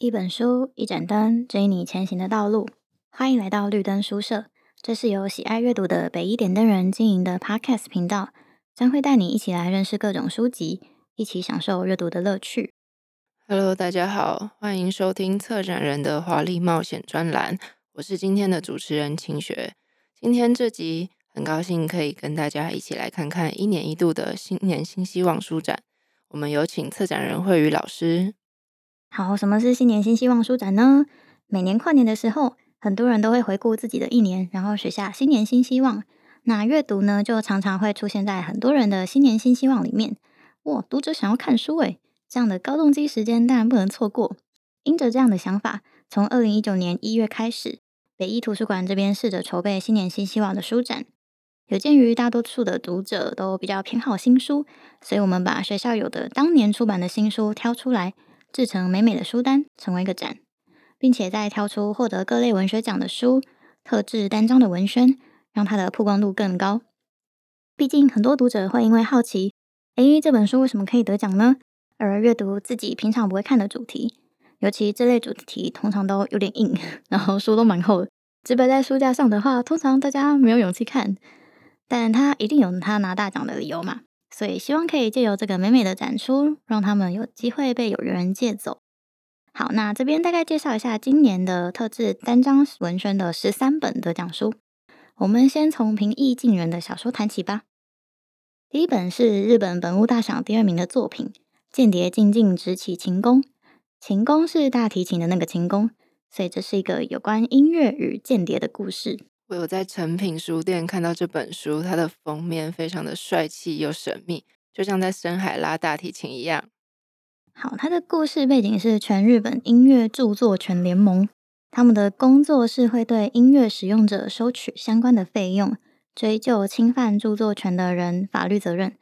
一本書，一盞燈，指引你前行的道路。歡迎來到綠燈書社，這是由喜愛閱讀的北一點燈人經營的 Podcast 頻道，將會帶你一起來認識各種書籍，一起享受閱讀的樂趣。Hello，大家好，歡迎收聽策展人的華麗冒險專欄，我是今天的主持人晴學。今天這集，很高興可以跟大家一起來看看一年一度的新年新希望書展。我們有請策展人蕙宇老師。好，什麼是新年新希望書展呢？每年跨年的時候，很多人都會回顧自己的一年，然後寫下新年新希望。那閱讀呢，就常常會出現在很多人的新年新希望裡面。哇，讀者想要看書誒，這樣的高動機時間當然不能錯過。因着這樣的想法，從二零一九年一月開始，北一圖書館這邊試着籌備新年新希望的書展。有鑑於大多數的讀者都比較偏好新書，所以我們把學校有的當年出版的新書挑出來。製成美美的書單，成為一個展，並且再挑出獲得各類文學獎的書，特製單張的文宣，讓它的曝光度更高。畢竟很多讀者會因為好奇，誒、欸，這本書為什麼可以得獎呢？而閱讀自己平常不會看的主題，尤其這類主題通常都有點硬，然後書都蠻厚的，只擺在書架上的話，通常大家沒有勇氣看，但它一定有它拿大獎的理由嘛。所以希望可以借由這個美美的展出，讓他們有機會被有緣人，人借走。好，那這邊大概介紹一下今年的特制單張文宣的十三本得獎書。我們先從平易近人的小說談起吧。第一本是日本本屋大賞第二名的作品《間諜靜靜執起琴弓》，琴弓是大提琴的那個琴弓，所以這是一個有關音樂與間諜的故事。我有在誠品書店看到這本書，它的封面非常的帥氣又神秘，就像在深海拉大提琴一樣。好，它的故事背景是全日本音樂著作權聯盟，他們的工作是會對音樂使用者收取相關的費用，追究侵犯著作權的人法律責任。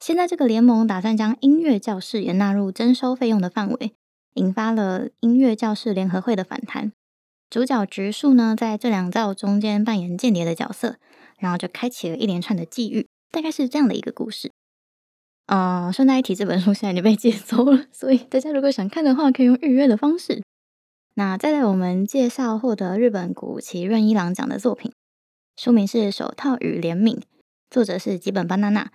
現在這個聯盟打算將音樂教室也納入徵收費用的範圍，引發了音樂教室聯合會的反彈。主角植樹呢，在這兩道中間扮演間諜的角色，然後就開啟了一連串的際遇，大概是這樣的一個故事。呃，順帶一提，這本書現在已經被借走了，所以大家如果想看的話，可以用預約的方式。那再來我們介紹獲得日本谷崎潤一郎獎的作品，書名是《手套與憐憫》，作者是吉本芭娜娜。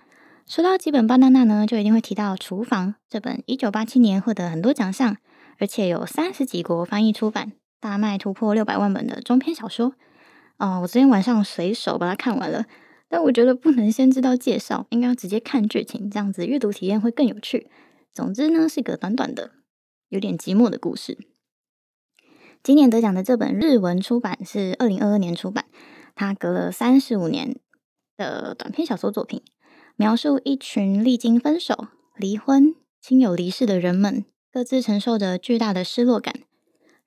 說到吉本芭娜娜呢，就一定會提到《廚房》這本，一九八七年獲得很多獎項，而且有三十幾國翻譯出版。大賣突破六百萬本的中篇小說哦，我昨天晚上隨手把它看完了，但我覺得不能先知道介紹，應該要直接看劇情，這樣子閱讀體驗會更有趣。總之呢，是個短短的、有點寂寞的故事。今年得獎的這本日文出版是二零二二年出版，它隔了三十五年的短篇小說作品，描述一群歷經分手、離婚、親友離世的人們，各自承受着巨大的失落感。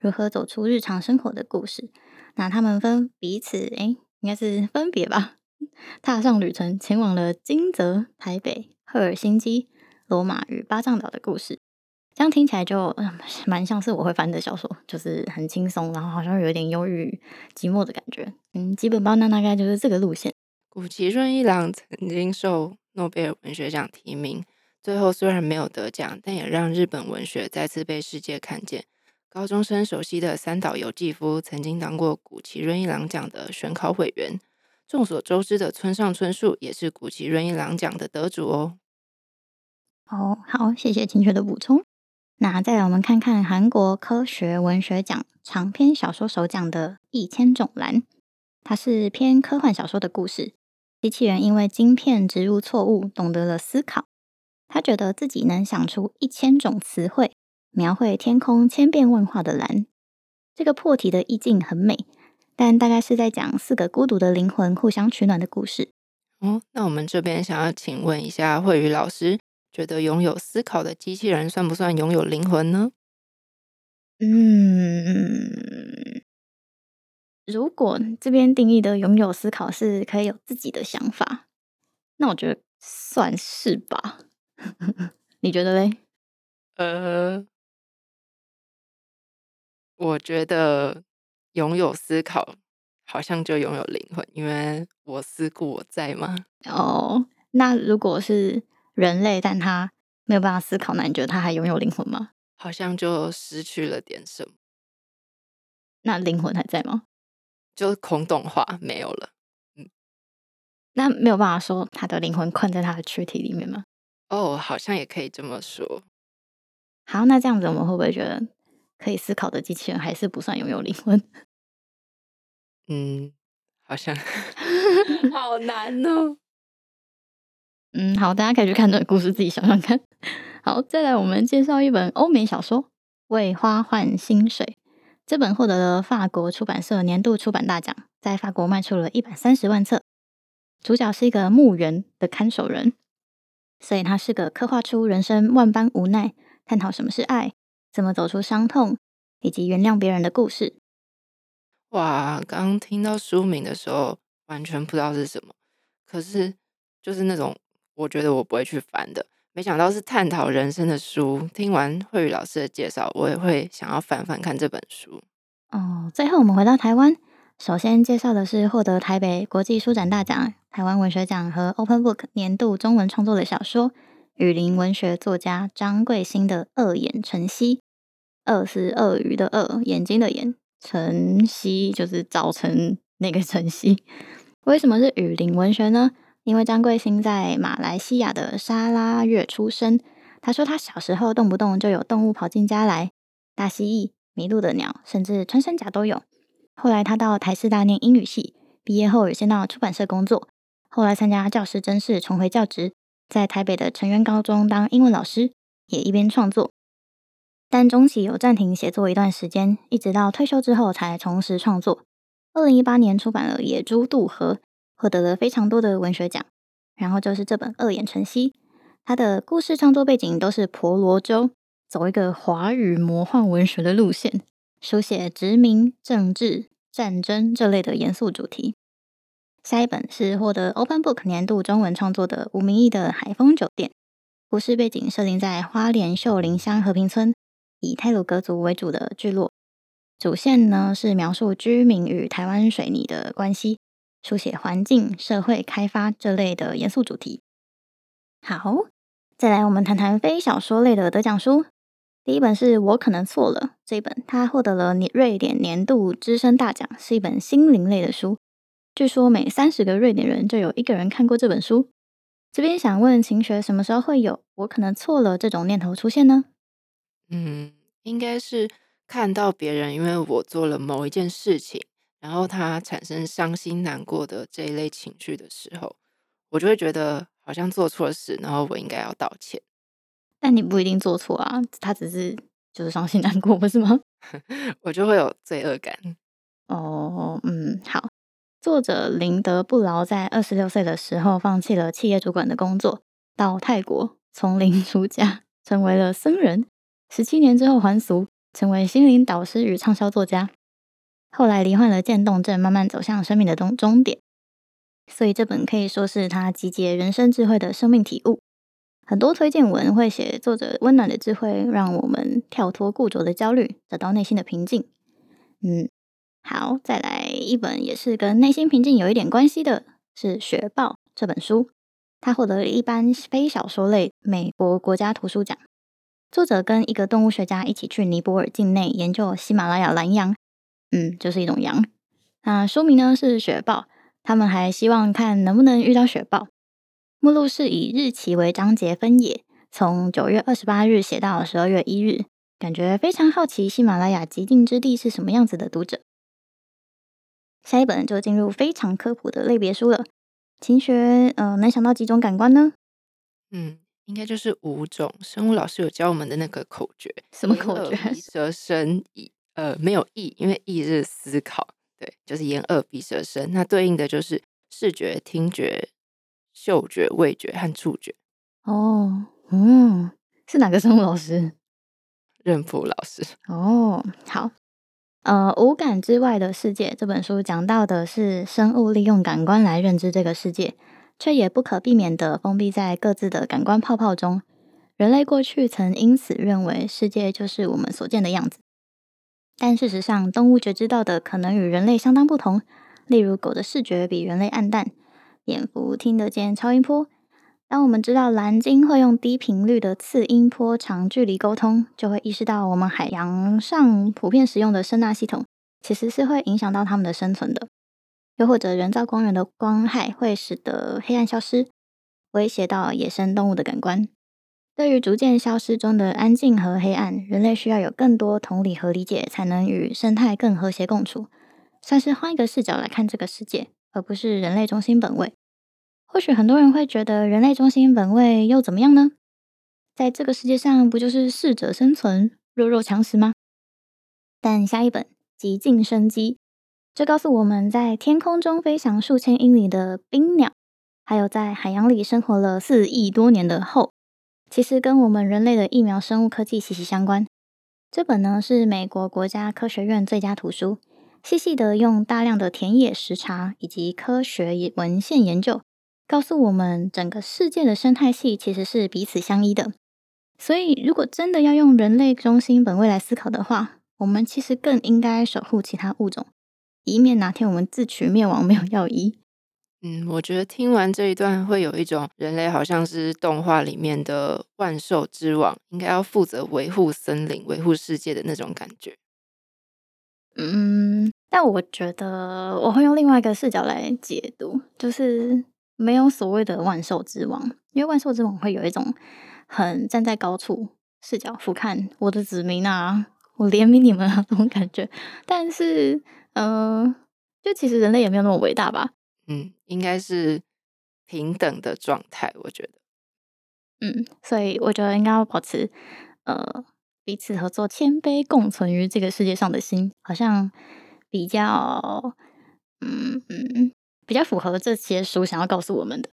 如何走出日常生活的故事？那他們分彼此，哎，應該是分別吧。踏上旅程，前往了金澤、台北、赫爾辛基、羅馬與巴藏島的故事。這樣聽起來就、呃、蠻像是我會翻的小說，就是很輕鬆，然後好像有點憂鬱、寂寞的感覺。嗯，基本包那大概就是這個路線。谷崎潤一郎曾經受諾貝爾文學獎提名，最後雖然沒有得獎，但也讓日本文學再次被世界看見。高中生熟悉的三島由紀夫曾經當過谷崎潤一郎獎的選考委員，眾所周知的村上春樹也是谷崎潤一郎獎的得主哦。哦，好，謝謝晴學的補充。那再來我們看看韓國科學文學獎長篇小說首獎的《一千種藍》，它是篇科幻小說的故事。機器人，因為晶片植入錯誤，懂得了思考。他覺得自己能想出一千種詞彙。描繪天空千變萬化的藍，這個破題的意境很美，但大概是在講四個孤獨的靈魂互相取暖的故事。哦，那我們這邊想要請問一下蕙宇老師，覺得擁有思考的機器人算不算擁有靈魂呢？嗯，如果這邊定義的擁有思考是可以有自己的想法，那我覺得算是吧。 你覺得嘞？呃。我覺得擁有思考，好像就擁有靈魂，因為我思故我在嘛。哦，oh, 那如果是人類，但他沒有辦法思考，那你覺得他還擁有靈魂嗎？好像就失去了點什麼。那靈魂還在嗎？就是空洞化，沒有了。嗯，那沒有辦法說他的靈魂困在他的軀體裡面嗎？哦，oh, 好像也可以這麼說。好，那這樣子我們會不會覺得？可以思考的機器人還是不算擁有靈魂。嗯，好像好難哦。嗯，好，大家可以去看這個故事，自己想想看。好，再來，我們介紹一本歐美小說《為花換新水》。這本獲得了法國出版社年度出版大獎，在法國賣出了一百三十萬冊。主角是一個墓園的看守人，所以他是個刻畫出人生萬般無奈，探討什麼是愛。怎麼走出傷痛以及原諒別人的故事。哇，剛聽到書名的時候，完全不知道是什麼。可是，就是那種我覺得我不會去翻的。沒想到是探討人生的書。聽完蕙宇老師的介紹，我也會想要翻翻看這本書。哦，最後我們回到台灣，首先介紹的是獲得台北國際書展大獎、台灣文學獎和 Open Book 年度中文創作的小說。雨林文學作家張貴興的《鱷眼晨曦》，鱷是鱷魚的鱷，眼睛的眼，晨曦就是早晨那個晨曦。為什麼是雨林文學呢？因為張貴興在馬來西亞的砂拉越出生。他說他小時候動不動就有動物跑進家來，大蜥蜴、迷路的鳥，甚至穿山甲都有。後來他到台師大念英語系，畢業後也先到出版社工作，後來參加教師甄試，重回教職。在台北的成淵高中當英文老師，也一邊創作，但中期有暫停寫作一段時間，一直到退休之後才重拾創作。二零一八年出版了《野豬渡河》，獲得了非常多的文學獎。然後就是這本《鱷眼晨曦》，他的故事創作背景都是婆羅洲，走一個華語魔幻文學的路線，書寫殖民、政治、戰爭這類的嚴肅主題。下一本是獲得 Open Book 年度中文創作的吳明益的《海風酒店》，故事背景設定在花蓮秀林鄉和平村，以太魯閣族為主的聚落。主線呢是描述居民與台灣水泥的關係，書寫環境、社會開發這類的嚴肅主題。好，再來我們談談非小說類的得獎書。第一本是我可能錯了，這一本它獲得了瑞典年度之聲大獎，是一本心靈類的書。據說每三十個瑞典人就有一個人看過這本書。這邊想問，晴學什麼時候會有我可能錯了這種念頭出現呢？嗯，應該是看到別人因為我做了某一件事情，然後他產生傷心難過的這一類情緒的時候，我就會覺得好像做錯了事，然後我應該要道歉。但你不一定做錯啊，他只是就是傷心難過，不是嗎？ 我就會有罪惡感。哦，oh, 嗯，好。作者林德布勞在二十六歲的時候，放棄了企業主管的工作，到泰國叢林出家，成為了僧人。十七年之後還俗，成為心靈導師與暢銷作家。後來罹患了漸凍症，慢慢走向生命的終終點。所以這本可以說是他集結人生智慧的生命體悟。很多推薦文會寫作者溫暖的智慧，讓我們跳脫固着的焦慮，找到內心的平靜。嗯。好，再來一本也是跟內心平靜有一點關係的，是《雪豹》這本書。它獲得了一般非小說類美國國家圖書獎。作者跟一個動物學家一起去尼泊爾境內研究喜馬拉雅藍羊，嗯，就是一種羊。那書名呢是《雪豹》，他們還希望看能不能遇到雪豹。目錄是以日期為章節分野，從九月二十八日寫到十二月一日，感覺非常好奇喜馬拉雅極境之地是什麼樣子的讀者。下一本就進入非常科普的類別書了。晴學，呃，能想到幾種感官呢？嗯，應該就是五種。生物老師有教我們的那個口訣，什麼口訣？耳、鼻、舌、身、意、呃，沒有意，因為意是思考。對，就是眼、耳，鼻、舌、身，那對應的就是視覺、聽覺、嗅覺、味覺和觸覺。哦，嗯，是哪個生物老師？任父老師。哦，好。呃，五感之外的世界這本書講到的是，生物利用感官來認知這個世界，卻也不可避免地封閉在各自的感官泡泡中。人類過去曾因此認為世界就是我們所見的樣子，但事實上，動物覺知到的可能與人類相當不同。例如，狗的視覺比人類暗淡，蝙蝠聽得見超音波。當我們知道藍鯨會用低頻率的次音波長距離溝通，就會意識到我們海洋上普遍使用的聲納系統其實是會影響到它們的生存的。又或者，人造光源的光害會使得黑暗消失，威脅到野生動物的感官。對於逐漸消失中的安靜和黑暗，人類需要有更多同理和理解，才能與生態更和諧共處。算是換一個視角來看這個世界，而不是人類中心本位。或許很多人會覺得人類中心本位又怎麼樣呢？在這個世界上，不就是適者生存、弱肉，肉強食嗎？但下一本《極境生機》這告訴我們，在天空中飛翔數千英里的冰鳥，還有在海洋裡生活了四億多年的鲎，其實跟我們人類的疫苗生物科技息息相關。這本呢是美國國家科學院最佳圖書，細細的用大量的田野實查以及科學文獻研究。告訴我們，整個世界的生態系其實是彼此相依的。所以，如果真的要用人類中心本位來思考的話，我們其實更應該守護其他物種，以免哪天我們自取滅亡沒有藥醫。嗯，我覺得聽完這一段，會有一種人類好像是動畫裡面的萬獸之王，應該要負責維護森林、維護世界的那種感覺。嗯，但我覺得我會用另外一個視角來解讀，就是。沒有所謂的萬獸之王，因為萬獸之王會有一種很站在高處視角俯瞰我的子民啊，我憐憫你們啊，這種感覺。但是，嗯、呃，就其實人類也沒有那麼偉大吧？嗯，應該是平等的狀態，我覺得。嗯，所以我覺得應該要保持呃彼此合作、謙卑共存於這個世界上的心，好像比較嗯。嗯比較符合的這些書想要告訴我們的，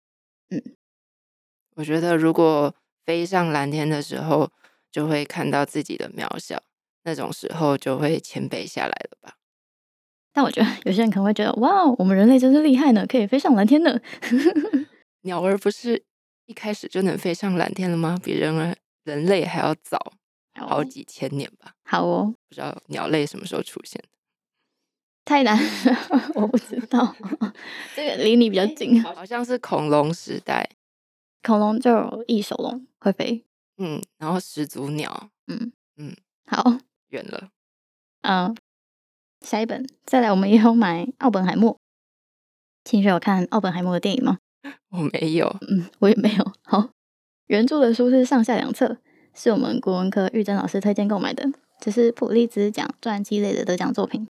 嗯，我覺得如果飛上藍天的時候，就會看到自己的渺小，那種時候就會謙卑下來了吧。但我覺得有些人可能會覺得，哇，我們人類真是厲害呢，可以飛上藍天呢。 鳥兒不是一開始就能飛上藍天了嗎？比人人類還要早好幾千年吧。好哦，不知道鳥類什麼時候出現的。太難了，我不知道。 這個離你比較近，欸、好像是恐龍時代，恐龍就翼手龍會飛，嗯，然後始祖鳥，嗯嗯，嗯好遠了，嗯、啊，下一本再來，我們也有買《奧本海默》。晴學有看《奧本海默》的電影嗎？我沒有，嗯，我也沒有。好，原著的書是上下兩冊，是我們國文科玉珍老師推薦購買的，這、就是普利茲獎、傳記類的得獎作品。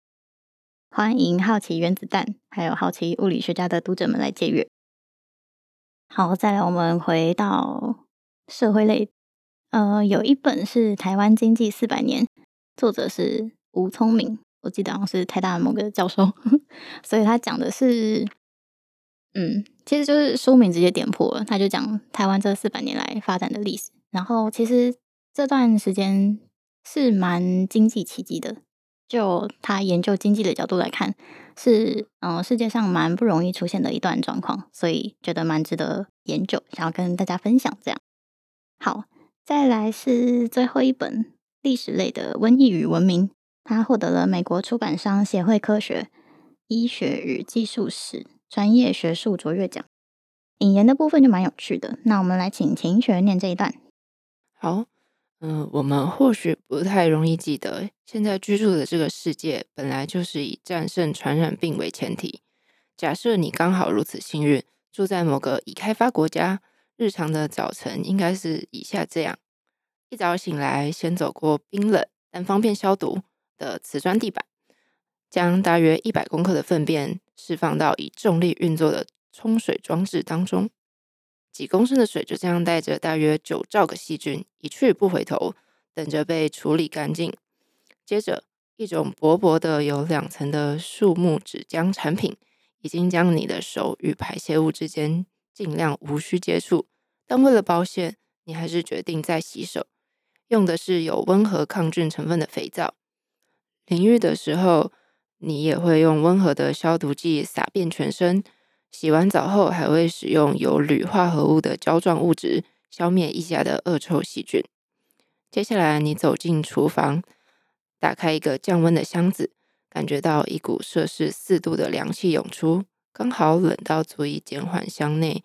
歡迎好奇原子彈，還有好奇物理學家的讀者們來借閱。好，再來我們回到社會類，呃，有一本是《台灣經濟四百年》，作者是吳聰明，我記得好像是台大某個教授，所以他講的是，嗯，其實就是書名直接點破了，他就講台灣這四百年來發展的歷史，然後其實這段時間是蠻經濟奇蹟的。就他研究經濟的角度來看，是嗯、呃、世界上蠻不容易出現的一段狀況，所以覺得蠻值得研究，想要跟大家分享這樣。好，再來是最後一本歷史類的《瘟疫與文明》，它獲得了美國出版商協會科學、醫學與技術史專業學術卓越獎。引言的部分就蠻有趣的，那我們來請晴學念這一段。好。嗯，我們或許不太容易記得，現在居住的這個世界本來就是以戰勝傳染病為前提。假設你剛好如此幸運，住在某個已開發國家，日常的早晨應該是以下這樣：一早醒來，先走過冰冷但方便消毒的瓷磚地板，將大約一百公克的糞便釋放到以重力運作的沖水裝置當中。幾公升的水就這樣帶着大約九兆個細菌一去不回頭，等着被處理乾淨。接着，一種薄薄的有兩層的樹木紙漿產品，已經將你的手與排泄物之間盡量無需接觸。但為了保險，你還是決定再洗手，用的是有溫和抗菌成分的肥皂。淋浴的時候，你也會用溫和的消毒劑灑遍全身。洗完澡後，還會使用有鋁化合物的膠狀物質消滅腋下的惡臭細菌。接下來，你走進廚房，打開一個降溫的箱子，感覺到一股攝氏四度的涼氣湧出，剛好冷到足以減緩箱內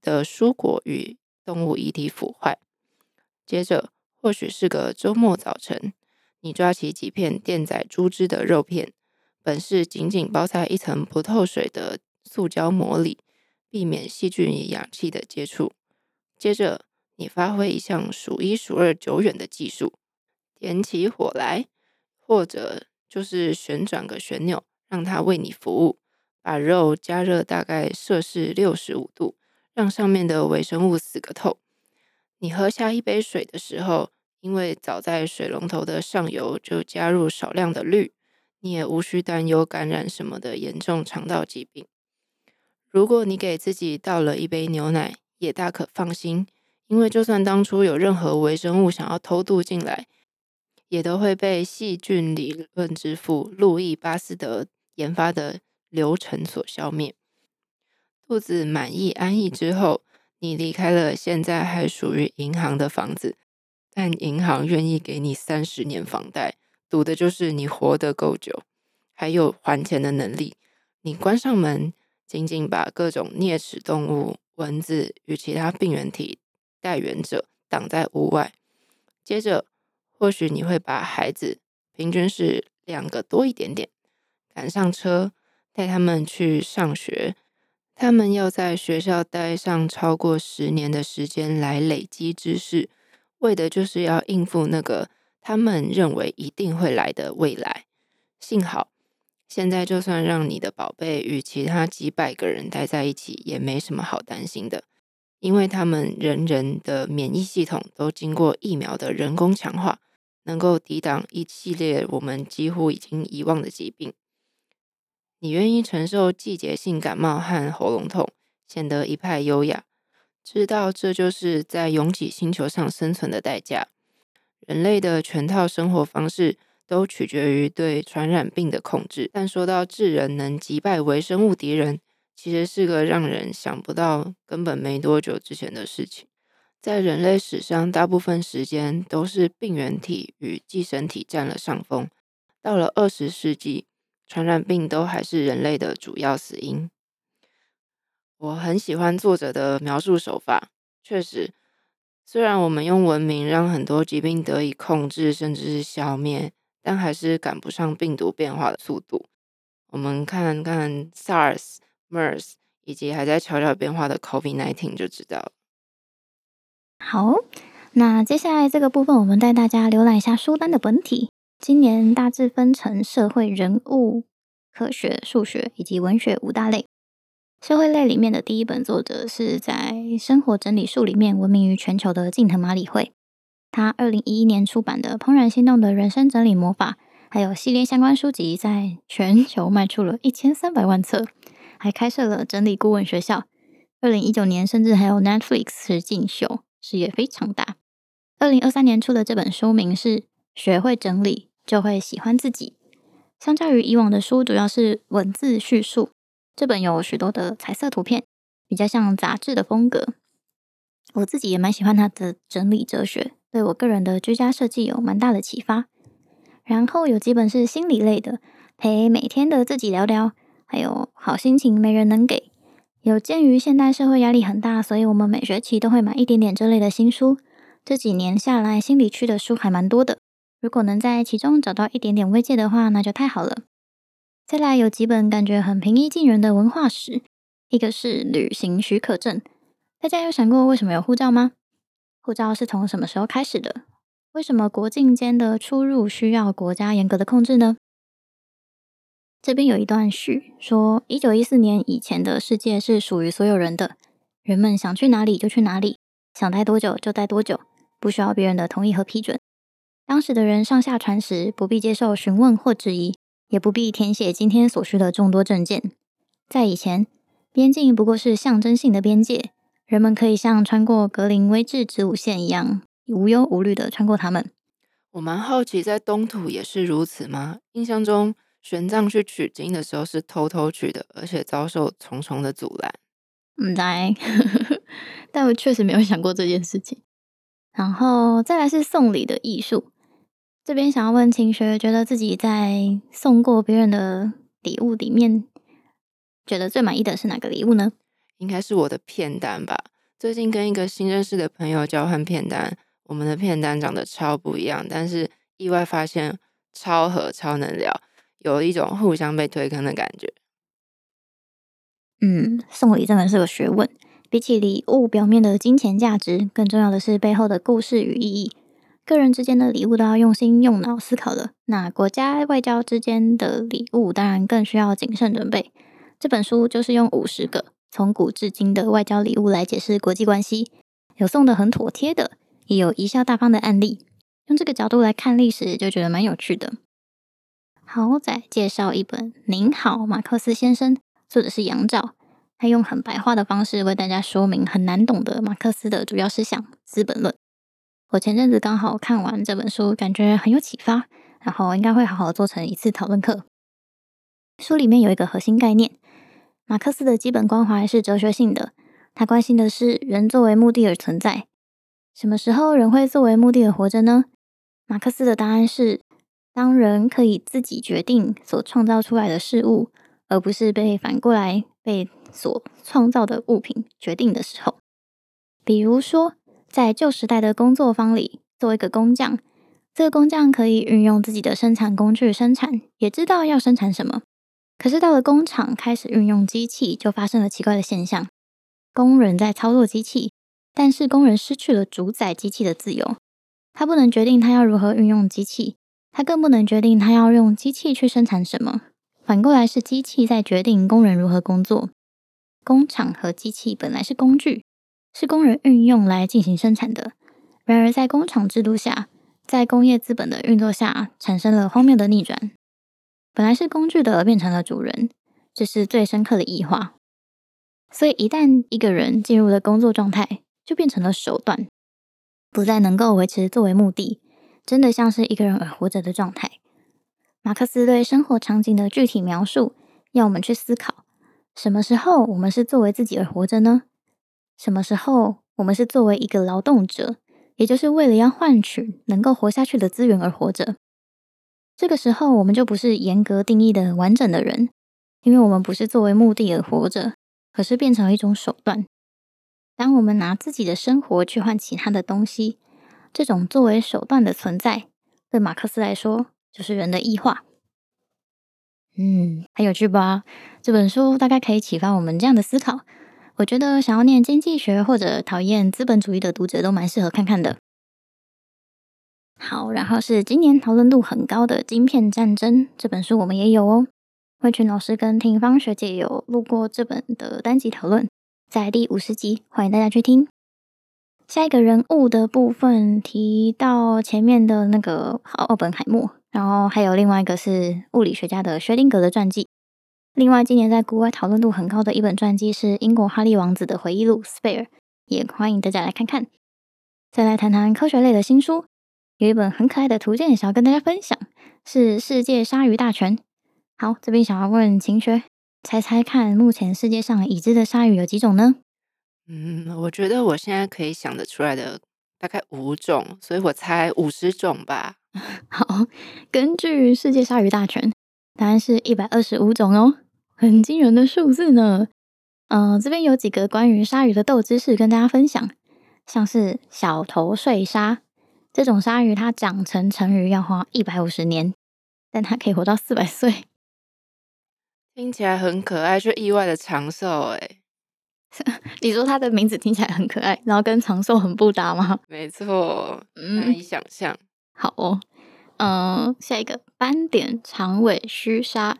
的蔬果與動物遺體腐壞。接着，或許是個周末早晨，你抓起幾片電宰豬隻的肉片，本是緊緊包在一層不透水的。塑膠膜裡，避免細菌與氧氣的接觸。接着，你發揮一項數一數二久遠的技術，點起火來，或者就是旋轉個旋鈕，讓它為你服務，把肉加熱大概攝氏六十五度，讓上面的微生物死個透。你喝下一杯水的時候，因為早在水龍頭的上游就加入少量的氯，你也無需擔憂感染什麼的嚴重腸道疾病。如果你給自己倒了一杯牛奶，也大可放心，因為就算當初有任何微生物想要偷渡進來，也都會被細菌理論之父路易巴斯德研發的流程所消滅。肚子滿意安逸之後，你離開了現在還屬於銀行的房子，但銀行願意給你三十年房貸，賭的就是你活得夠久，還有還錢的能力。你關上門。僅僅把各種齧齒動物、蚊子與其他病原體帶原者擋在屋外。接着，或許你會把孩子（平均是兩個多一點點）趕上車，帶他們去上學。他們要在學校待上超過十年的時間，來累積知識，為的就是要應付那個他們認為一定會來的未來。幸好。現在就算讓你的寶貝與其他幾百個人待在一起，也沒什麼好擔心的，因為他們人人的免疫系統都經過疫苗的人工強化，能夠抵擋一系列我們幾乎已經遺忘的疾病。你願意承受季節性感冒和喉嚨痛，顯得一派優雅，知道這就是在擁擠星球上生存的代價。人類的全套生活方式。都取決於對傳染病的控制。但說到智人能擊敗微生物敵人，其實是個讓人想不到、根本沒多久之前的事情。在人類史上，大部分時間都是病原體與寄生體佔了上風。到了二十世紀，傳染病都還是人類的主要死因。我很喜歡作者的描述手法，確實，雖然我們用文明讓很多疾病得以控制，甚至是消滅。但還是趕不上病毒變化的速度。我們看看 SARS、MERS 以及還在悄悄變化的 COVID-19 就知道。好，那接下來這個部分，我們帶大家瀏覽一下書單的本體。今年大致分成社會、人物、科學、數學以及文學五大類。社會類裡面的第一本作者是在《生活整理術》裡面聞名於全球的近藤麻理惠。他二零一一年出版的《怦然心動的人生整理魔法》，還有系列相關書籍，在全球賣出了一千三百萬冊，還開設了整理顧問學校。二零一九年，甚至還有 Netflix 實境秀，事業非常大。二零二三年出的這本書名是《學會整理就會喜歡自己》。相較於以往的書，主要是文字敘述，這本有許多的彩色圖片，比較像雜誌的風格。我自己也蠻喜歡他的整理哲學。對我個人的居家設計有蠻大的啟發，然後有幾本是心理類的，陪每天的自己聊聊，還有好心情沒人能給。有鑑於現代社會壓力很大，所以我們每學期都會買一點點這類的新書。這幾年下來，心理區的書還蠻多的，如果能在其中找到一點點慰藉的話，那就太好了。再來有幾本感覺很平易近人的文化史，一個是《旅行許可證》，大家有想過為什麼有護照嗎？不知道是從什麼時候開始的？為什麼國境間的出入需要國家嚴格的控制呢？這邊有一段序說：一九一四年以前的世界是屬於所有人的，人們想去哪裡就去哪裡，想待多久就待多久，不需要別人的同意和批准。當時的人上下船時不必接受詢問或質疑，也不必填寫今天所需的眾多證件。在以前，邊境不過是象徵性的邊界。人們可以像穿過格林威治子午線一樣，無憂無慮的穿過它們。我蠻好奇，在東土也是如此嗎？印象中，玄奘去取經的時候是偷偷取的，而且遭受重重的阻攔。不知道欸、呵呵，但我確實沒有想過這件事情。然後再來是送禮的藝術。這邊想要問晴學，覺得自己在送過別人的禮物裡面，覺得最滿意的是哪個禮物呢？應該是我的片單吧。最近跟一個新認識的朋友交換片單，我們的片單長得超不一樣，但是意外發現超合、超能聊，有一種互相被推坑的感覺。嗯，送禮真的是個學問。比起禮物表面的金錢價值，更重要的是背後的故事與意義。個人之間的禮物都要用心用腦思考了，那國家外交之間的禮物當然更需要謹慎準備。這本書就是用五十個。從古至今的外交禮物來解釋國際關係，有送的很妥帖的，也有貽笑大方的案例。用這個角度來看歷史，就覺得蠻有趣的。好，再介紹一本《您好，馬克思先生》，作者是楊照，他用很白話的方式為大家說明很難懂的馬克思的主要思想《資本論》。我前陣子剛好看完這本書，感覺很有啟發，然後應該會好好做成一次討論課。書裡面有一個核心概念。馬克思的基本關懷是哲學性的，他關心的是人作為目的而存在。什麼時候人會作為目的而活着呢？馬克思的答案是：當人可以自己決定所創造出來的事物，而不是被反過來被所創造的物品決定的時候。比如說，在舊時代的工作坊裡，作為一個工匠，這個工匠可以運用自己的生產工具生產，也知道要生產什麼。可是到了工廠，開始運用機器，就發生了奇怪的現象。工人在操作機器，但是工人失去了主宰機器的自由。他不能決定他要如何運用機器，他更不能決定他要用機器去生產什麼。反過來是機器在決定工人如何工作。工廠和機器本來是工具，是工人運用來進行生產的。然而在工廠制度下，在工業資本的運作下，產生了荒謬的逆轉。本來是工具的，而變成了主人，這是最深刻的異化。所以，一旦一個人進入了工作狀態，就變成了手段，不再能夠維持作為目的，真的像是一個人而活着的狀態。馬克思對生活場景的具體描述，要我們去思考：什麼時候我們是作為自己而活着呢？什麼時候我們是作為一個勞動者，也就是為了要換取能夠活下去的資源而活着？這個時候，我們就不是嚴格定義的完整的人，因為我們不是作為目的而活着，而是變成了一種手段。當我們拿自己的生活去換其他的東西，這種作為手段的存在，對馬克思來說就是人的異化。嗯，還有趣吧？這本書大概可以啟發我們這樣的思考。我覺得，想要念經濟學或者討厭資本主義的讀者，都蠻適合看看的。好，然後是今年討論度很高的《晶片戰爭》這本書，我們也有哦。蔚群老師跟廷芳學姐有錄過這本的單集討論，在第五十集，歡迎大家去聽。下一個人物的部分提到前面的那個奧本海默，然後還有另外一個是物理學家的薛定諤的傳記。另外，今年在國外討論度很高的一本傳記是英國哈利王子的回憶錄《Spare》，也歡迎大家來看看。再來談談科學類的新書。有一本很可愛的圖鑑，想要跟大家分享，是《世界鯊魚大全》。好，這邊想要問晴學，猜猜看，目前世界上已知的鯊魚有幾種呢？嗯，我覺得我現在可以想得出來的大概五種，所以我猜五十種吧。好，根據《世界鯊魚大全》，答案是一百二十五種哦，很驚人的數字呢。嗯、呃，這邊有幾個關於鯊魚的豆知識跟大家分享，像是小頭睡鯊。這種鯊魚，它長成成魚要花一百五十年，但它可以活到四百歲，聽起來很可愛，卻意外的長壽。誒。 你說它的名字聽起來很可愛，然後跟長壽很不搭嗎？沒錯，難以想象。嗯。好哦，嗯，下一個斑點長尾鬚鯊，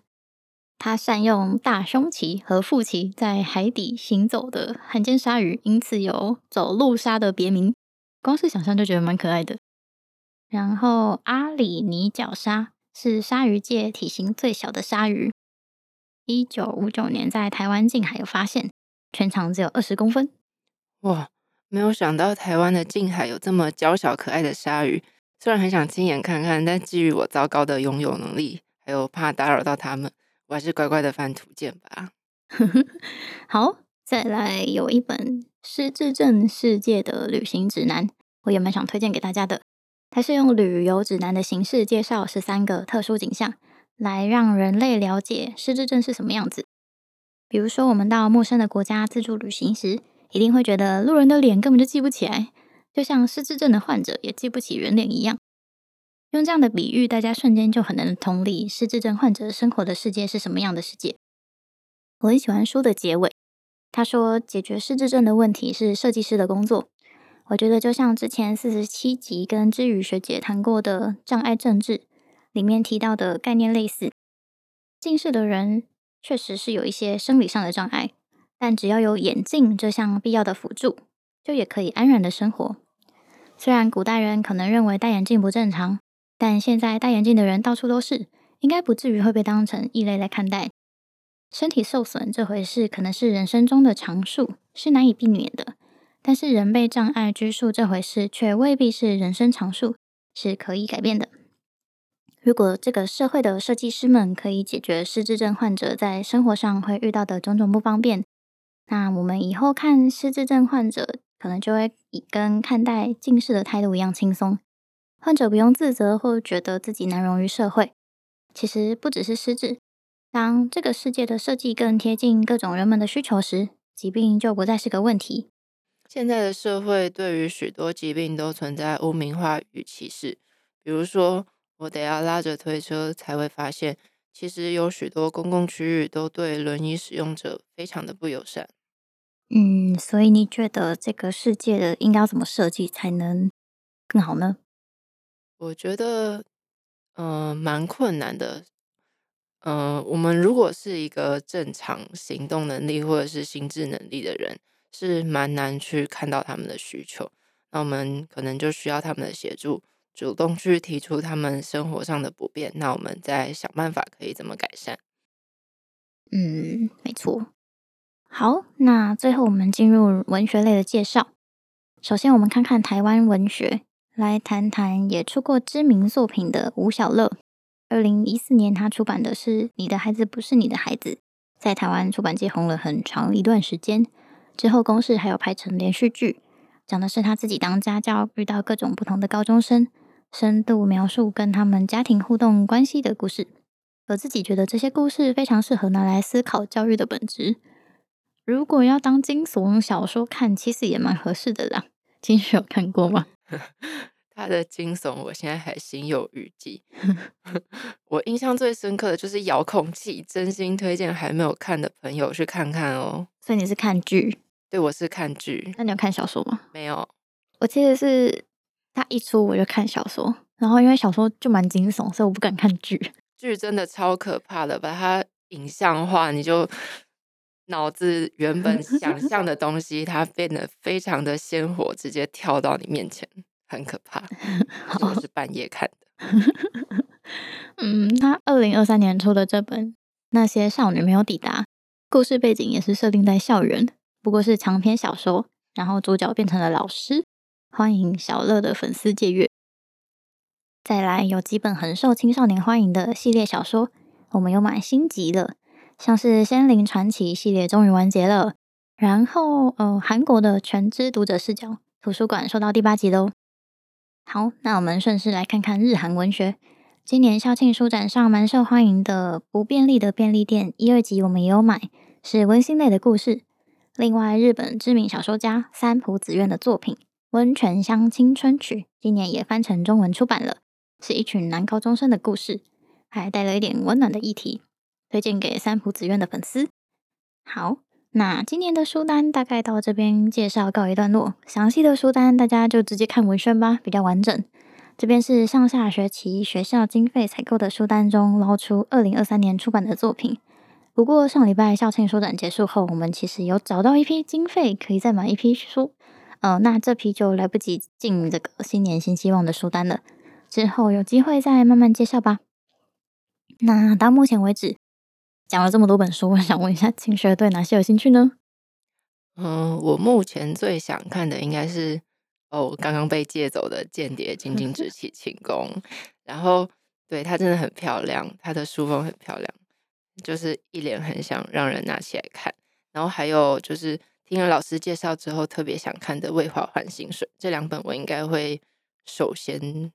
它善用大胸鰭和腹鰭在海底行走的罕見鯊魚，因此有“走路鯊”的別名。光是想象就覺得蠻可愛的。然後，阿里尼角鯊是鯊魚界體型最小的鯊魚。一九五九年，在台灣近海有發現，全長只有二十公分。哇，沒有想到台灣的近海有這麼嬌小可愛的鯊魚。雖然很想親眼看看，但基於我糟糕的擁有能力，還有怕打擾到他們，我還是乖乖的翻圖鑑吧。呵呵。好，再來有一本《失智症世界的旅行指南》，我也蠻想推薦給大家的。還是用旅遊指南的形式介紹十三個特殊景象，來讓人類了解失智症是什麼樣子。比如說，我們到陌生的國家自助旅行時，一定會覺得路人的臉根本就記不起來，就像失智症的患者也記不起人臉一樣。用這樣的比喻，大家瞬間就很能同理失智症患者生活的世界是什麼樣的世界。我很喜歡書的結尾，他說：“解決失智症的問題是設計師的工作。”我覺得就像之前四十七集跟之妤學姐談過的障礙政治裡面提到的概念類似。近視的人確實是有一些生理上的障礙，但只要有眼鏡這項必要的輔助，就也可以安然的生活。雖然古代人可能認為戴眼鏡不正常，但現在戴眼鏡的人到處都是，應該不至於會被當成異類來看待。身體受損這回事可能是人生中的常數，是難以避免的。但是，人被障礙拘束這回事，卻未必是人生常數，是可以改變的。如果這個社會的設計師們可以解決失智症患者在生活上會遇到的種種不方便，那我們以後看失智症患者，可能就會跟看待近視的態度一樣輕鬆，患者不用自責或覺得自己難容於社會。其實，不只是失智，當這個世界的設計更貼近各種人們的需求時，疾病就不再是個問題。現在的社會對於許多疾病都存在污名化與歧視，比如說，我得要拉着推車才會發現，其實有許多公共區域都對輪椅使用者非常的不友善。嗯，所以你覺得這個世界的應該要怎麼設計才能更好呢？我覺得，呃，蠻困難的。呃，我們如果是一個正常行動能力或者是心智能力的人。是蠻難去看到他們的需求，那我們可能就需要他們的協助，主動去提出他們生活上的不便，那我們再想辦法可以怎麼改善。嗯，沒錯。好，那最後我們進入文學類的介紹。首先，我們看看台灣文學，來談談也出過知名作品的吳曉樂。二零一四年，他出版的是《你的孩子不是你的孩子》，在台灣出版界紅了很長一段時間。之後公視還有拍成連續劇，講的是他自己當家教，遇到各種不同的高中生，深度描述跟他們家庭互動關係的故事。我自己覺得這些故事非常適合拿來思考教育的本質。如果要當驚悚小說看，其實也蠻合適的啦。驚悚有看過嗎？ 他的驚悚，我現在還心有餘悸。 我印象最深刻的就是遙控器，真心推薦還沒有看的朋友去看看哦。所以你是看劇？所以我是看劇，那你有看小說嗎？沒有，我記得是他一出我就看小說，然後因為小說就蠻驚悚，所以我不敢看劇。劇真的超可怕的，把它影像化，你就腦子原本想象的東西， 它變得非常的鮮活，直接跳到你面前，很可怕。我是半夜看的。 好 嗯，他二零二三年出的這本《那些少女沒有抵達》，故事背景也是設定在校園。不過是長篇小說，然後主角變成了老師。歡迎小樂的粉絲借閱。再來有幾本很受青少年歡迎的系列小說，我們又買新集了，像是《仙靈傳奇》系列終於完結了。然後，呃，韓國的《全知讀者視角》圖書館收到第八集嘍。好，那我們順勢來看看日韓文學。今年校慶書展上蠻受歡迎的，《不便利的便利店》一、二集我們也有買，是溫馨類的故事。另外，日本知名小說家三浦紫苑的作品《溫泉鄉青春曲》今年也翻成中文出版了，是一群男高中生的故事，還帶了一點溫暖的議題，推薦給三浦紫苑的粉絲。好，那今年的書單大概到這邊介紹告一段落，詳細的書單大家就直接看文宣吧，比較完整。這邊是上下學期學校經費採購的書單中撈出二零二三年出版的作品。不過上禮拜校慶書展結束後，我們其實有找到一批經費，可以再買一批書。嗯、呃，那這批就來不及進這個新年新希望的書單了。之後有機會再慢慢介紹吧。那到目前為止，講了這麼多本書，我想問一下晴學對哪些有興趣呢？嗯、呃，我目前最想看的應該是哦，剛剛被借走的《間諜靜靜執起琴弓》嗯，然後對，它真的很漂亮，它的書風很漂亮。就是一臉很想讓人拿起來看，然後還有就是聽了老師介紹之後特別想看的《為花換新水》，這兩本，我應該會首先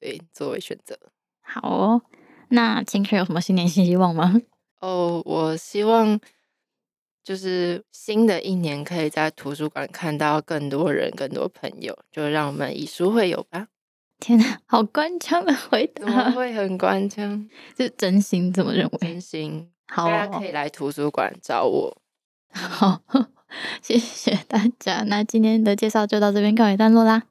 對作為選擇。好哦，那晴學有什麼新年新希望嗎？哦，我希望就是新的一年可以在圖書館看到更多人，更多朋友，就讓我們以書會友吧。天哪，好官腔的回答！怎麼會很官腔？就真心這麼認為。真心好，大家可以來圖書館找我。好，哦、好， 謝謝大家。那今天的介紹就到這邊告一段落啦。